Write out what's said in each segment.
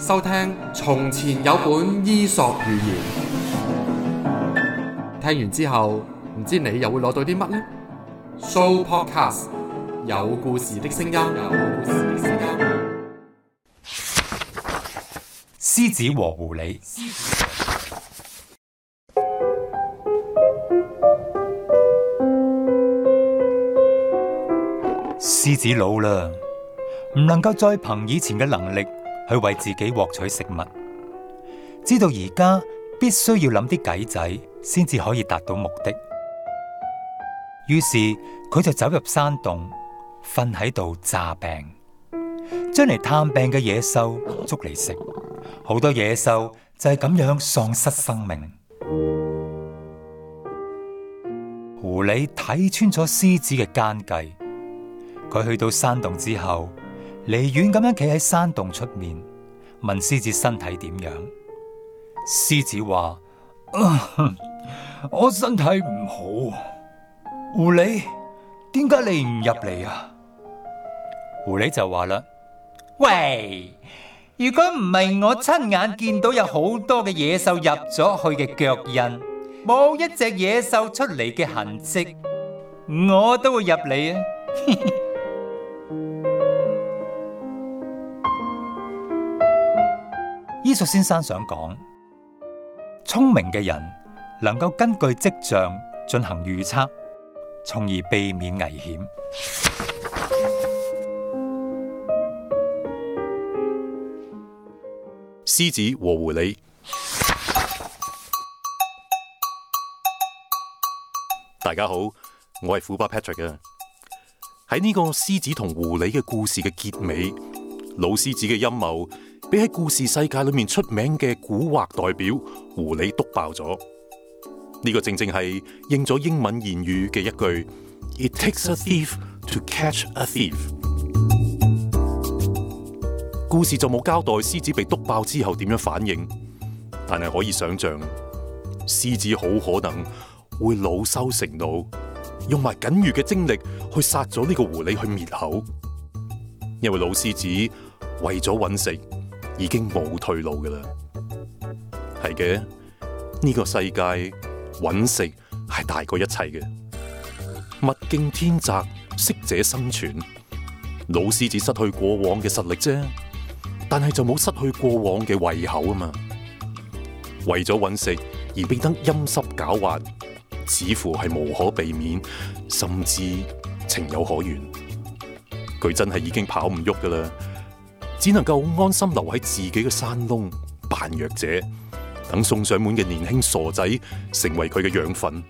收聽從前有本伊索寓言，聽完之後唔知你又會攞到啲乜呢？Sooopodcast，有故事的聲音。有故事的聲音。獅子和狐狸。獅 子老啦，唔能夠再憑以前嘅能力，去為自己獲取食物，知道而家必須要諗啲計仔，先至可以達到目的。於是佢就走入山洞，瞓喺度詐病，將嚟探病嘅野獸捉嚟食。好多野獸就係咁樣喪失生命。狐狸睇穿咗獅子嘅奸計，佢去到山洞之後。離遠咁樣企喺山洞出面，問獅子身體點樣？獅子話，呃：我身體唔好。狐狸，點解你唔入嚟啊？狐狸就話啦：喂，如果唔係我親眼見到有好多嘅野獸入咗去嘅腳印，冇一隻野獸出嚟嘅痕跡，我都會入嚟啊！ 伊索先生想講，聰明嘅人能夠根據跡象進行預測，從而避免危險。獅子和狐狸。大家好，我係虎爸 Patrick 嘅。喺呢個獅子同狐狸嘅故事嘅結尾，老獅子嘅陰謀，俾喺故事世界裏面出名嘅古惑代表狐狸督爆咗，呢、這個正正係應咗英文諺語嘅一句：It takes a thief to catch a thief。故事就冇交代獅子被督爆之後點樣反應，但係可以想象獅子好可能會惱羞成怒，用埋僅餘嘅精力去殺咗呢個狐狸去滅口，因為老獅子為咗揾食。已經冇退路噶啦，係嘅。呢個世界，揾食係大過一切嘅。物競天擇，適者生存。老獅只失去過往嘅實力啫，但係就冇失去過往嘅胃口啊嘛。為咗揾食而變得陰濕狡猾，似乎係無可避免，甚至情有可原。佢真係已經跑唔喐噶啦。只能夠安心留喺自己嘅山窿扮弱者，等送上門嘅年輕傻仔成為佢嘅養分。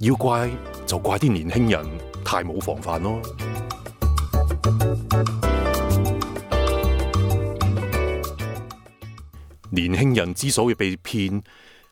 要怪就怪啲年輕人太冇防範咯。 年輕人之所以被騙，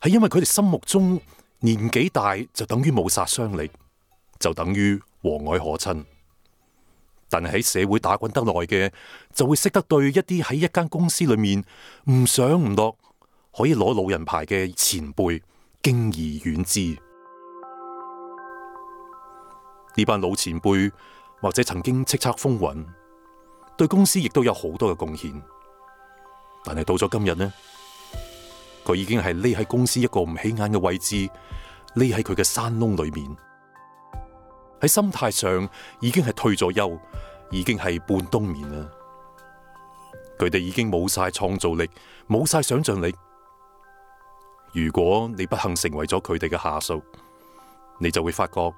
係因為佢哋心目中年紀大就等於冇殺傷力，就等於和藹可親。但係喺社會打滾得耐嘅，就會識得對一啲喺一間公司裏面唔上唔落，可以攞老人牌嘅前輩敬而遠之。呢班老前輩或者曾經叱咤風雲，對公司亦都有好多嘅貢獻。但係到咗今日呢，佢已經係匿喺公司一個唔起眼嘅位置，匿喺佢嘅山窿裏面。喺心態上已經係退咗休，已經係半冬眠啦。佢哋已經冇晒創造力，冇晒想象力。如果你不幸成為咗佢哋嘅下屬，你就會發覺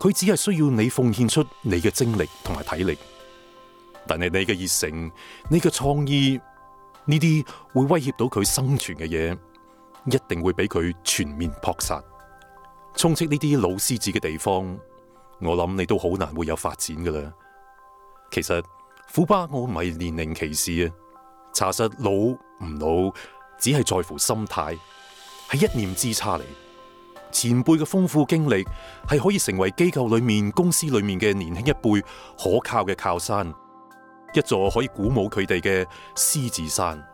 佢只係需要你奉獻出你嘅精力同埋體力，但係你嘅熱誠、你嘅創意呢啲會威脅到佢生存嘅嘢，一定會俾佢全面撲殺。充斥呢啲老獅子嘅地方。我諗你都好難會有發展噶啦。其實，虎巴我唔係年齡歧視啊。查實老唔老，只係在乎心態，係一念之差嚟。前輩嘅豐富經歷，係可以成為機構裏面、公司裏面嘅年輕一輩可靠嘅靠山，一座可以鼓舞佢哋嘅獅子山。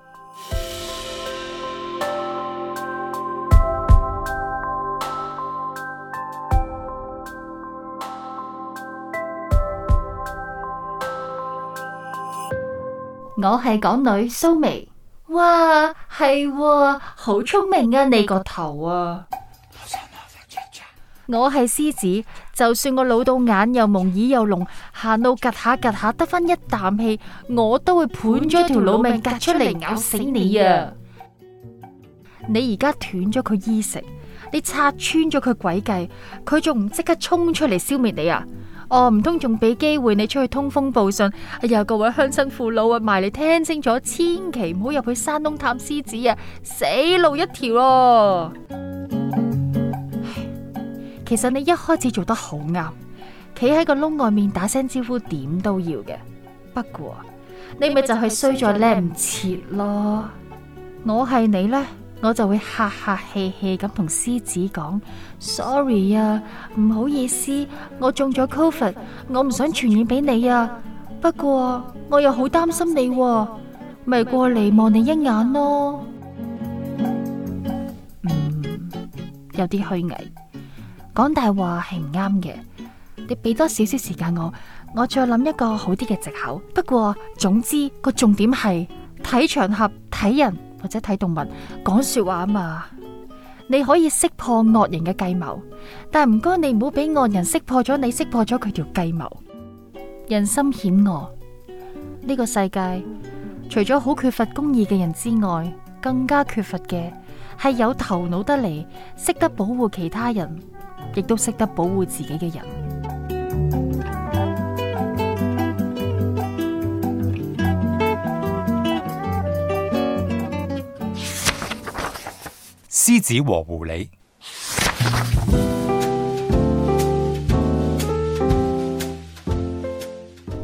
我係港女蘇眉，哇係、啊，好聰明啊你個頭啊！我係獅子，就算我老到眼又蒙耳又聾，行到趷下趷下得返一啖氣，我都會拼咗條老命趷出嚟咬死你啊！你而家斷咗佢衣食，你拆穿咗佢詭計，佢仲唔即刻衝出嚟消滅你啊？哦，唔通仲俾機會你出去通風報信？哎呀，各位鄉親父老啊，埋你聽清楚，千祈唔好入去山窿探獅子啊，死路一條咯啊！其實你一開始做得好啱，企喺個窿外面打聲招呼，點都要嘅。不過你咪就係衰咗叻唔切咯， 我係你呢。我就會客客氣氣咁同獅子講，sorry 啊，唔好意思，我中咗 covid，我唔想傳染俾你啊。不過我又好擔心你，咪過嚟望你一眼咯。嗯，有啲虛偽，講大話係唔啱嘅。你俾多少少時間我，我再諗一個好啲嘅借口。不過總之個重點係睇場合睇人。或者睇動物講說話嘛，你可以識破惡人嘅計謀，但唔該你唔好俾惡人識破咗你識破咗佢條計謀。人心險惡，呢個世界除咗好缺乏公義嘅人之外，更加缺乏嘅係有頭腦得嚟，識得保護其他人，亦都識得保護自己嘅人。獅子和狐狸。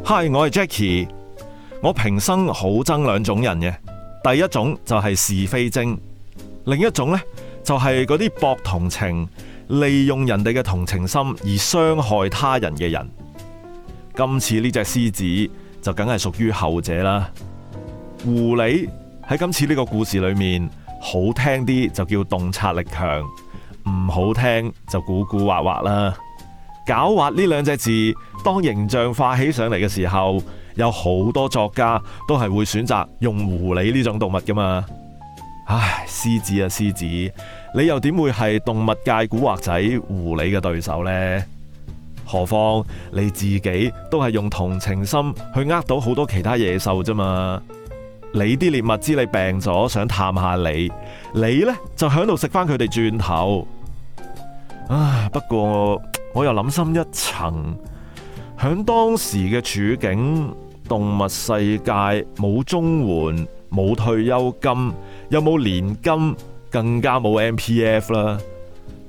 嗨，Hi，我係 Jacky，我平生好憎兩種人嘅，第一種就係是，是非精，另一種呢就係嗰啲博同情、利用人哋嘅同情心而傷害他人嘅人。今次呢隻獅子就梗係屬於後者啦。狐狸喺今次呢個故事裏面。好聽啲就叫洞察力強，唔好聽就古古惑惑啦。狡猾呢兩隻字當形象化起上嚟嘅時候，有好多作家都係會選擇用狐狸呢種動物噶嘛。唉，獅子啊獅子，你又點會係動物界古惑仔狐狸嘅對手呢？何況你自己都係用同情心去呃到好多其他野獸啫嘛。你啲獵物知你病咗，想探下你。你呢，就響度食翻佢哋轉頭。唉，不過我又諗深一層，響當時嘅處境，動物世界冇綜援，冇退休金，又冇年金，更加冇 MPF 啦。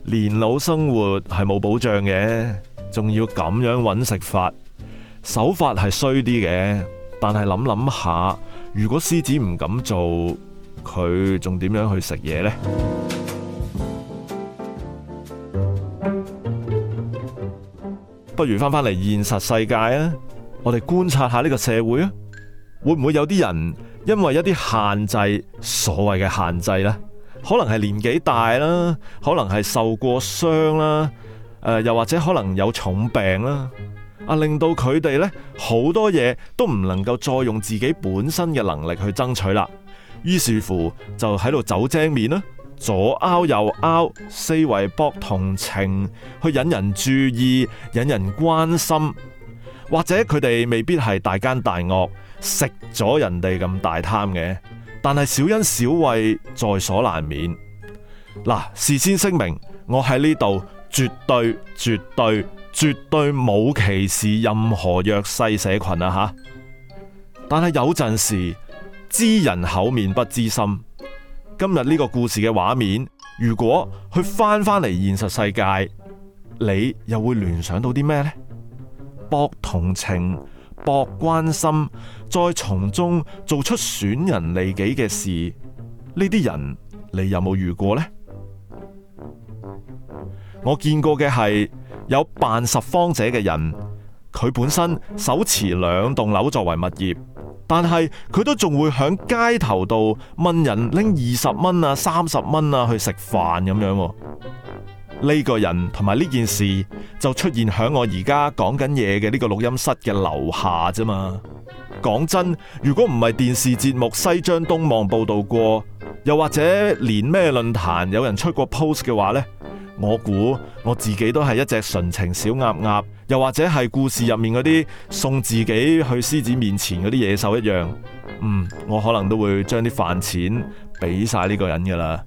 年老生活係冇保障嘅，仲要咁樣揾食法，手法係衰啲嘅。但係諗諗下，如果獅子唔敢做，佢仲點樣去食嘢呢？ 不如翻返嚟現實世界啊！我哋觀察下呢個社會啊，會唔會有啲人因為一啲限制，所謂嘅限制呢，可能係年紀大啦，可能係受過傷啦，呃，又或者可能有重病啦。啊！令到佢哋咧好多嘢都唔能夠再用自己本身嘅能力去爭取啦。於是乎就喺度走精面啦，左拗右拗，四圍博同情，去引人注意，引人關心。或者佢哋未必係大奸大惡，食咗人哋咁大貪嘅，但係小恩小惠在所難免。嗱，事先聲明，我喺呢度絕對絕對，絕對絕對冇歧視任何弱勢社群啊！吓，但係有陣時知人口面不知心。今日呢個故事嘅畫面，如果去翻返嚟現實世界，你又會聯想到啲咩呢？博同情、博關心，再從中做出損人利己嘅事，呢啲人你有冇遇過呢？我見過嘅係有扮拾荒者嘅人，佢本身手持兩棟樓作為物業，但係佢都仲會響街頭度問人拎二十蚊啊、三十蚊啊去食飯咁樣、啊。呢個人同埋呢件事就出現響我而家講緊嘢嘅呢個錄音室嘅樓下啫嘛。講真，如果唔係電視節目《西張東望》報道過。又或者連咩論壇有人出過 post 嘅話呢？我估我自己都係一隻純情小鴨鴨，又或者係故事入面嗰啲送自己去獅子面前嗰啲野獸一樣，嗯，我可能都會將啲飯錢俾曬呢個人噶啦。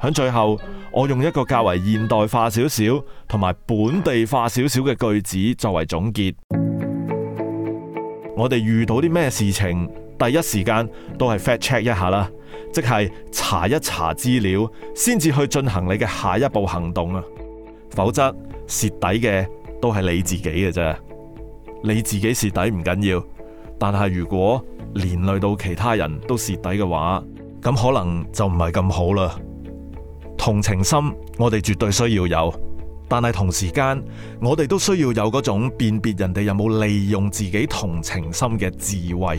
喺最後，我用一個較為現代化少少同埋本地化少少嘅句子作為總結，我哋遇到啲咩事情？第一時間都係 fact check 一下啦，即係查一查資料先至去進行你嘅下一步行動啊。否則蝕底嘅都係你自己嘅啫。你自己蝕底唔緊要，但係如果連累到其他人都蝕底嘅話，咁可能就唔係咁好啦。同情心我哋絕對需要有，但係同時間我哋都需要有嗰種辨別人哋有冇利用自己同情心嘅智慧。